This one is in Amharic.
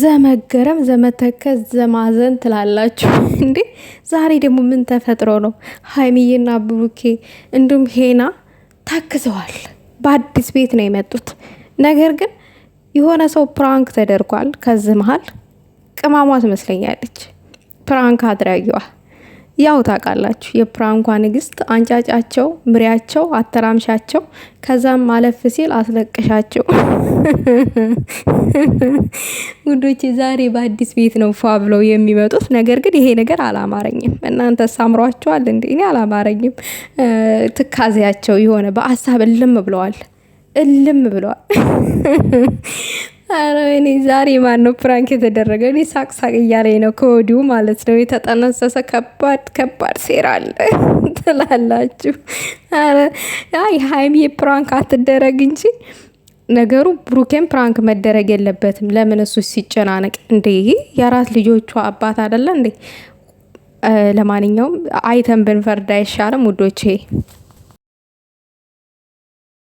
ዘመገረም ዘመተከዝ ዘማዘን ትላላችሁ እንዴ? ዛሬ ደግሞ ምን ተፈጥሮ ነው? ሀይሚዬና ብሩኬ እንዲሁም ሄና ታክዘዋል። በአዲስ ቤት ነው የመጡት። ነገር ግን የሆነ ሰው ፕራንክ ተደርጓል። ከዚህ መሀል ቅማሟ ትመስለኛለች ፕራንክ አድራጊዋ ያው ታውቃላችሁ የፕራንኳ ንግስት አንጫጫቸው፣ ምሪያቸው፣ አተራምሻቸው ከዛም ማለፍ ሲል አስለቅሻቸው። ውዶቼ ዛሬ በአዲስ ቤት ነው ፏ ብለው የሚመጡት። ነገር ግን ይሄ ነገር አላማረኝም። እናንተ ሳምሯቸዋል እንዴ? እኔ አላማረኝም። ትካዜያቸው የሆነ በአሳብ እልም ብለዋል፣ እልም ብለዋል። አረ እኔ ዛሬ ማን ነው ፕራንክ የተደረገው? እኔ ሳቅ ሳቅ እያለኝ ነው ከወዲሁ ማለት ነው። የተጠነሰሰ ከባድ ከባድ ሴራ አለ ትላላችሁ። አረ አይ ሀይሚ ፕራንክ አትደረግ እንጂ ነገሩ ብሩኬን ፕራንክ መደረግ የለበትም። ለምን እሱ ሲጨናነቅ እንዴ? የአራት ልጆቿ አባት አይደለ እንዴ? ለማንኛውም አይተን ብንፈርድ አይሻልም ውዶቼ?